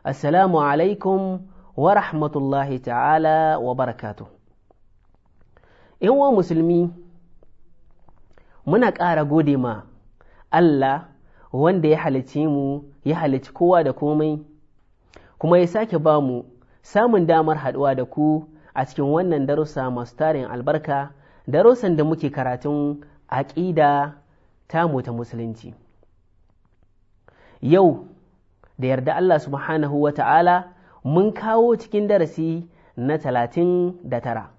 Assalamu alaikum wa rahmatullahi ta'ala wa barakatu. wa musulmi, muna ƙara gode ma Allah wanda ya halicci mu, ya halicci kowa da komai, kuma ya sake ba mu samun damar haɗuwa da ku a cikin wannan darussa masu tarin albarka, darussan da muke karatun aƙida tamu ta musulunci. Yau, da yarda Allah subhanahu wa ta'ala mun kawo cikin darasi na talatin da tara.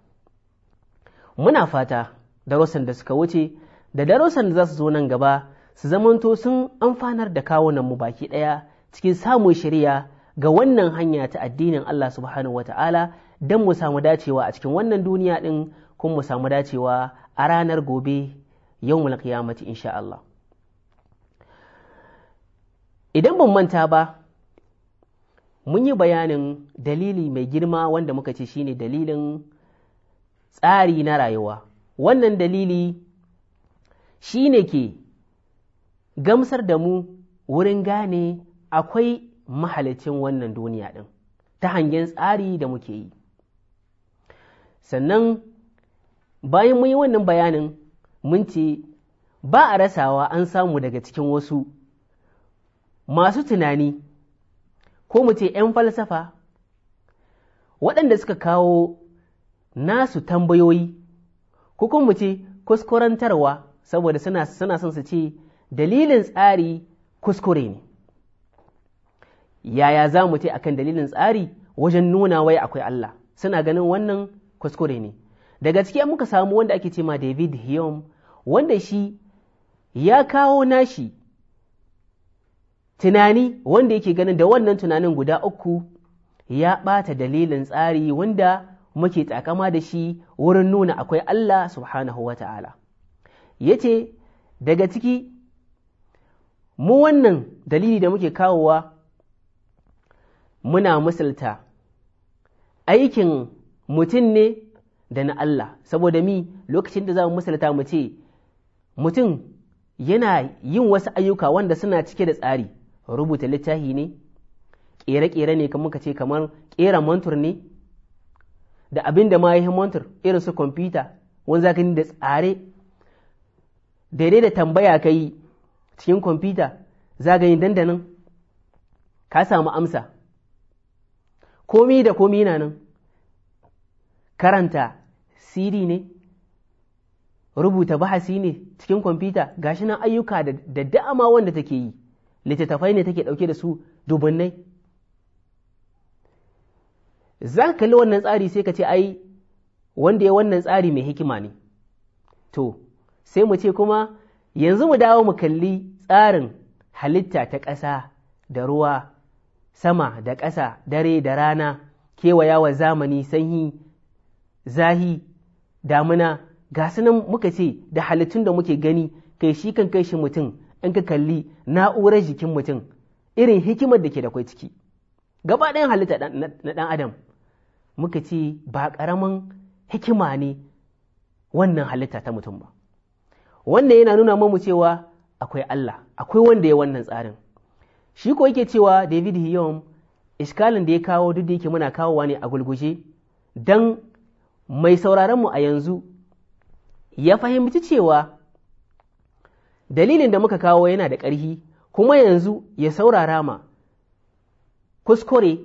Muna fata darussan da suka wuce da darussan da za su zo nan gaba su zamanto sun amfanar da kawunanmu baki ɗaya cikin samun shirya ga wannan hanya ta addinin Allah subhanahu wa ta'ala don mu samu dacewa a cikin wannan duniya ɗin kuma mu samu dacewa a ranar gobe yau mulkiyamati insha Allah. idan ban manta ba mun yi bayanin dalili mai girma wanda muka ce shine dalilin tsari na rayuwa wannan dalili shine ke gamsar da mu wurin gane akwai mahalicin wannan duniya ɗin ta hangen tsari da muke yi sannan bayan mun yi wannan bayanin mun ce ba a rasawa an samu daga cikin wasu masu tunani ko mu ce ‘yan falsafa waɗanda suka kawo nasu tambayoyi ko kuma mu ce kuskurantarwa saboda suna son su ce dalilin tsari kuskure ne yaya za mu ce a kan dalilin tsari wajen nuna wai akwai Allah suna ganin wannan kuskure ne daga ciki muka samu wanda ake ce ma David Hume wanda shi ya kawo nashi tunani wanda yake ganin da wannan tunanin guda uku ya ɓata dalilin tsari wanda muke takama da shi wurin nuna akwai Allah subhanahu wa ta'ala. yace daga ciki, mu wannan dalili da muke kawowa muna misalta aikin mutum ne da na Allah, saboda mi lokacin da za mu misalta mu ce, mutum yana yin wasu ayyuka wanda suna cike da tsari. rubuta littafi ne ƙere-ƙere ne kamar ka ce kamar ƙera montur ne da abin da ma ya yi montur irin su kwamfuta wani zaka da tsare daidai da tambaya ka yi cikin kwamfuta zagayin dandanin ka samu amsa komi da komi na nan karanta cd ne rubuta bahasi ne cikin kwamfuta gashi nan ayyuka da dama wanda take yi littattafai ne take ɗauke da su dubunnai za ka kalli wannan tsari sai ka ce ai wanda ya wannan tsari mai hikima ne to sai mu ce kuma yanzu mu dawo mu kalli tsarin halitta ta ƙasa da ruwa sama da ƙasa dare da rana kewayawa zamani sanyi zahi damuna ga nan muka ce da halittun da muke gani kai shi kan kai shi mutum in ka kalli na'urar jikin mutum irin hikimar da ke da kwai ciki gaba ɗayan halitta na ɗan adam muka ce ba ƙaramin hikima ne wannan halitta ta mutum ba wannan yana nuna mamu cewa akwai Allah akwai wanda ya wannan tsarin shi ko yake cewa David hiyom iskalin da ya kawo duk da yake muna kawowa ne a gulguje don mai sauraronmu a yanzu ya fahimci cewa dalilin da muka kawo yana da ƙarfi kuma yanzu ya saurara ma kuskure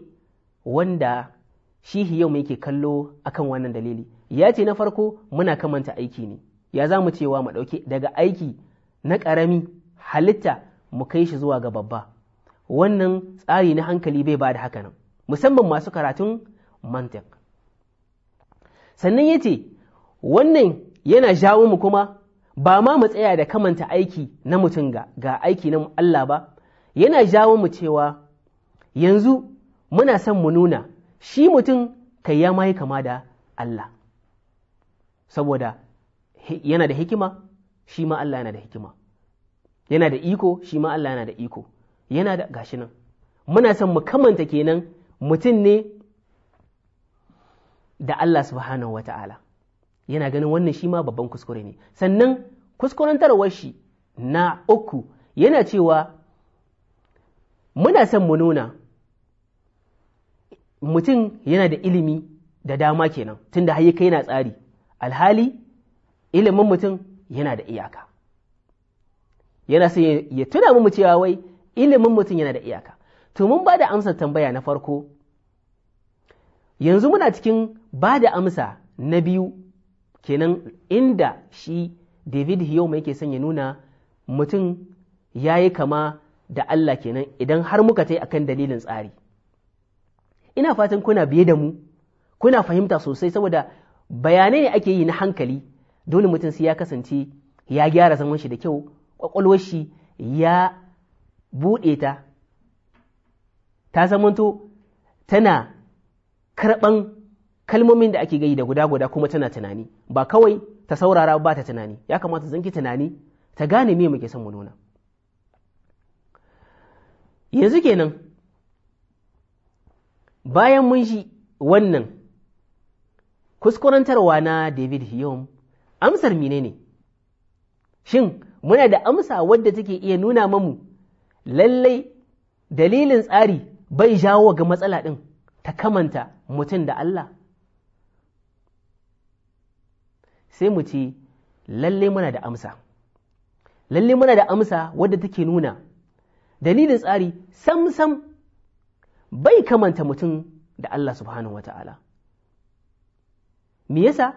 wanda shihi yau mai ke kallo akan wannan dalili ya ce na farko muna kamanta aiki ne ya za mu cewa mu ɗauke daga aiki na ƙarami halitta mu kai shi zuwa ga babba wannan tsari na hankali bai ba da haka nan musamman masu karatun mantiq sannan ya ce wannan yana jawo mu kuma ba ma mu tsaya da kamanta aiki na mutum ga, aiki na Allah ba yana jawo mu cewa yanzu muna son mu nuna shi mutum kai ya mai kama da Allah saboda yana da hikima shi ma Allah yana da hikima yana da iko shi ma Allah yana da iko yana da gashi nan muna son mu kamanta kenan mutum ne da Allah subhanahu wa ta'ala yana ganin wannan shi ma babban kuskure ne sannan kuskurantarwar shi na uku yana cewa muna son mu nuna mutum yana da ilimi da dama kenan tunda har kai yana tsari alhali ilimin mutum yana da iyaka yana son ya tuna mu cewa wai ilimin mutum yana da iyaka to mun ba da amsar tambaya na farko yanzu muna cikin ba da amsa na biyu kenan inda shi david yau yake son ya nuna mutum ya yi kama da Allah kenan idan har muka ta a akan dalilin tsari ina fatan kuna biye da mu kuna fahimta sosai saboda bayanai ne ake yi na hankali dole mutum sai ya kasance ya gyara zaman shi da kyau ƙwaƙwalwar shi ya buɗe ta ta zamanto tana karɓan kalmomin da ake gayi da guda guda kuma tana tunani ba kawai ta saurara ba ta tunani ya kamata ki tunani ta gane me muke son mu nuna yanzu kenan bayan mun shi wannan kuskurantarwa na David Hume amsar mine ne shin muna da amsa wadda take iya nuna mamu lallai dalilin tsari bai jawo ga matsala ɗin ta kamanta mutum da Allah sai mu ce lalle muna da amsa lalle muna da amsa wadda take nuna dalilin tsari sam-sam bai kamanta mutum da Allah subhanahu wa ta'ala me yasa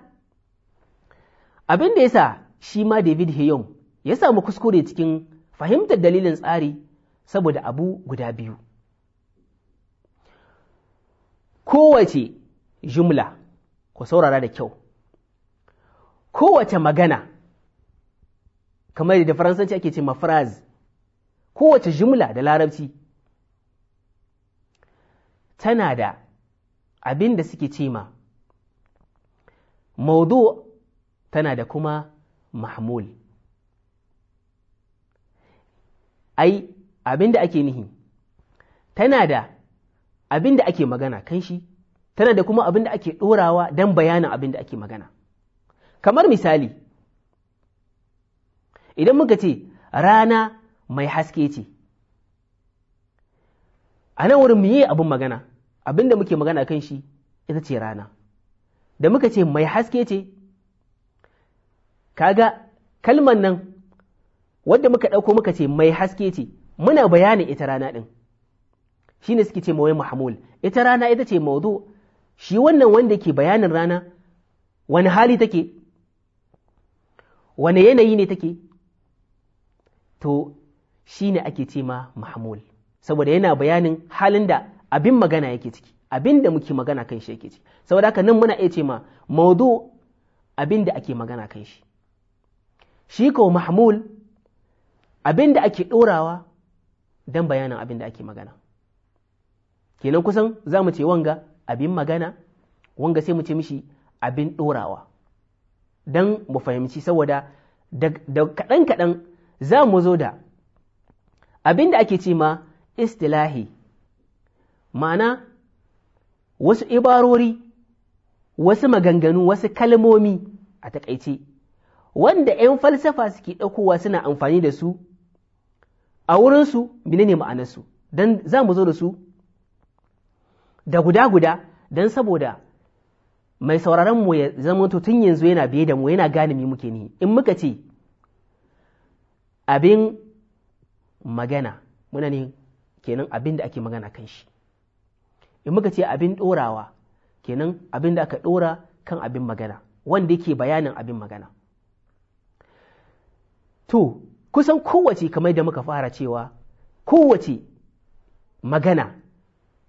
abin da yasa shi ma David Heyon ya samu kuskure cikin fahimtar dalilin tsari saboda abu guda biyu kowace jumla ku saurara da kyau kowace magana kamar da faransanci ake ce mafraz kowace jumla da larabci tana da abin da suke ce ma maudu tana da kuma mahmul ai abin da ake nihi tana da abin da ake magana kan shi tana da kuma abin da ake ɗorawa don bayanin abin da ake magana kamar misali idan muka ce rana mai haske ce a nan wurin miye abin magana abin da muke magana kan shi ita ce rana da muka ce mai haske ce kaga kalman nan wadda muka ɗauko muka ce mai haske ce muna bayanin ita rana ɗin shi ne suke ce mawai mahamul ita rana ita ce maudu shi wannan wanda ke bayanin rana wani hali take wane yanayi ne take to shi ne ake ce ma mahmul saboda yana bayanin halin da abin magana yake ciki abin da muke magana kan shi yake ciki saboda haka nan muna iya ce ma maudu abin da ake magana kan shi shi ko mahmul abin da ake ɗorawa don bayanin abin da ake magana kenan kusan za mu ce wanga abin magana wanga sai mu ce mishi abin ɗorawa don mu fahimci saboda da kaɗan-kaɗan za mu zo da Abinda da ake ce ma istilahi ma'ana wasu ibarori wasu maganganu wasu kalmomi a takaice wanda 'yan falsafa suke ɗaukowa suna amfani da su a wurinsu menene ma'anarsu don za mu zo da su da guda-guda don saboda mai sauraron mu ya zama tun yanzu yana biye da mu yana gane mi muke ni in muka ce abin magana muna ne kenan abin da ake magana kan shi in muka ce abin dorawa, kenan abin da aka dora kan abin magana wanda yake bayanin abin magana to kusan kowace kamar da muka fara cewa kowace magana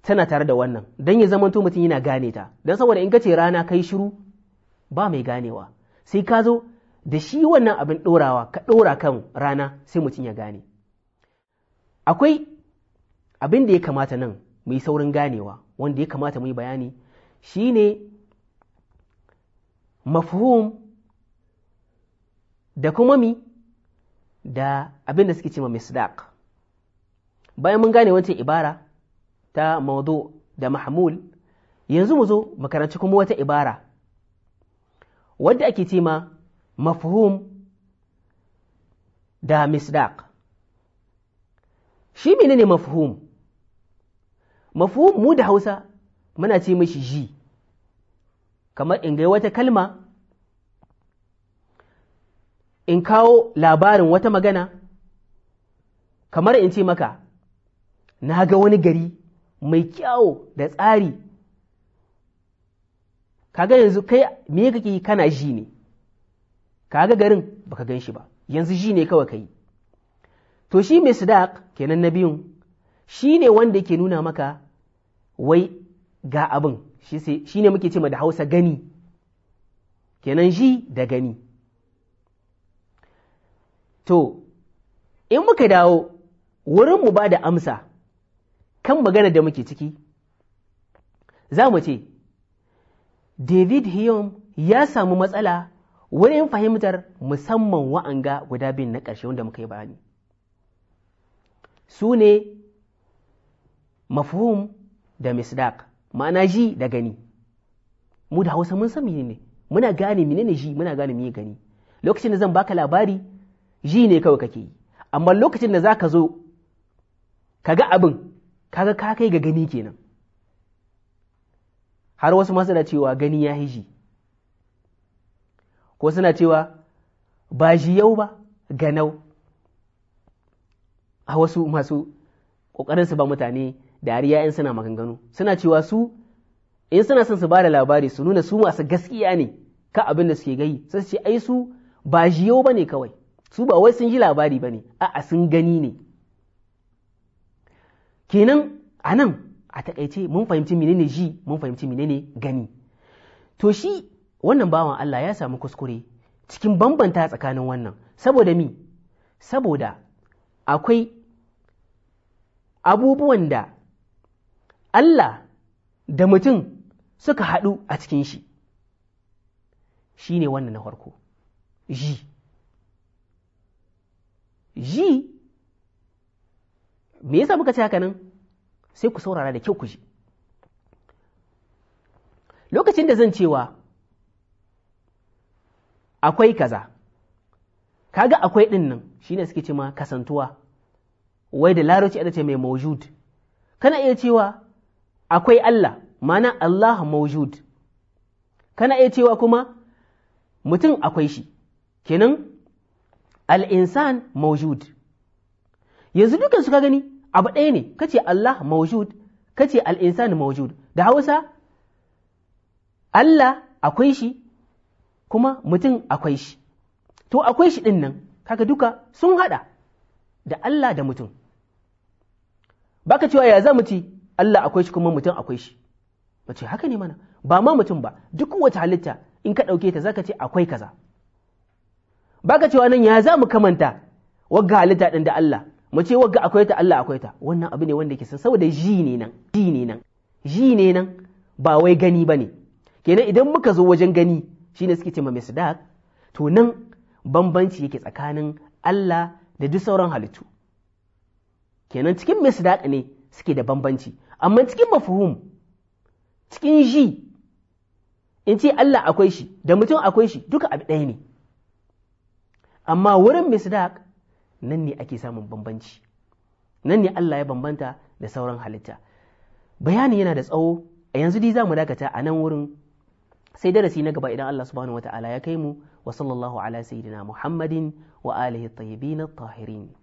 tana tare da wannan don ya zamanto mutum yana gane ta don saboda in ka ce rana kai shiru ba mai ganewa sai ka zo da shi wannan abin ɗorawa ka ɗora kan rana sai mutum ya gane akwai abin da ya kamata nan mu saurin ganewa wanda ya kamata mu yi bayani shine mafhum da kuma mi da abin da suke ce ma misdaq bayan mun gane wancan ibara ta maudu da mahmul yanzu mu zo makaranci kuma wata ibara wadda ake ce ma mafhum da misdaq shi menene mafhum mafhum mu da hausa muna ce mishi ji kamar in gai wata kalma in kawo labarin wata magana kamar in ce maka na ga wani gari mai kyawo da tsari kaga yanzu kai me kake kana ji ne kaga garin baka gan shi ba yanzu ji ne kawai kai to shi mai sadaq kenan na biyun shi ne wanda yake nuna maka wai ga abin shi ne muke ce da hausa gani kenan ji da gani to in muka dawo wurin mu ba da amsa kan magana da muke ciki za mu ce david hume ya samu matsala wurin fahimtar musamman wa'anga guda biyun na ƙarshe wanda muka yi bayani su ne mafhum da misdaq ma'ana ji da gani mu da hausa mun san ne muna gane ne ji muna gane meye gani lokacin da zan baka labari ji ne kawai kake yi amma lokacin da za ka zo ka ga abin kaga ka kai ga gani kenan har wasu ma suna cewa gani ya hiji ko suna cewa ba shi yau ba ganau a wasu masu ƙoƙarin su ba mutane dariya in suna maganganu suna cewa su in suna son su ba da labari su nuna su masu gaskiya ne ka abin da suke gai sai su ce ai su ba ba ne kawai su ba wai sun ji labari ba ne a'a sun gani ne kenan a nan a takaice mun fahimci menene ji mun fahimci menene gani to shi wannan bawan Allah ya samu kuskure cikin bambanta tsakanin wannan saboda mi saboda akwai abubuwan da Allah da mutum suka haɗu a cikin shi shi ne wannan na farko ji ji me yasa muka ce haka nan sai ku saurara da kyau ku ji lokacin da zan cewa akwai kaza kaga akwai ɗin nan shine suke ce ma kasantuwa wai da larabci ana ce mai maujud kana iya cewa akwai Allah mana Allah maujud kana iya cewa kuma mutum akwai shi kenan al insan maujud yanzu dukansu ka gani abu ɗaya ne kace Allah maujud kace al-insan maujud da Hausa Allah akwai shi kuma mutum akwai shi to akwai shi ɗin nan kaga duka sun haɗa da Allah da mutum baka cewa ya za mu ci Allah akwai shi kuma mutum akwai shi ba ce haka ne mana ba ma mutum ba duk wata halitta in ka ɗauke ta ka ce akwai kaza baka cewa nan ya za mu kamanta wagga halitta ɗin da Allah mu ce wagga akwai ta Allah akwai ta wannan abu ne wanda ke san saboda ji ne nan ji ne nan ji ne nan ba wai gani bane kenan idan muka zo wajen gani shine suke ce ma misdaq to nan bambanci yake tsakanin Allah da duk sauran halittu kenan cikin misdaq ne suke da bambanci amma cikin mafhum cikin ji in ce Allah akwai shi da mutum akwai shi duka abu ɗaya ne amma wurin misdaq nan ne ake samun bambanci nan ne Allah ya bambanta da sauran halitta bayani yana da tsawo a yanzu dai za mu dakata a nan wurin sai darasi na gaba idan Allah subhanahu ta'ala ya kai mu wa sallallahu ala sayyidina Muhammadin wa alihi at-tayyibin tahirin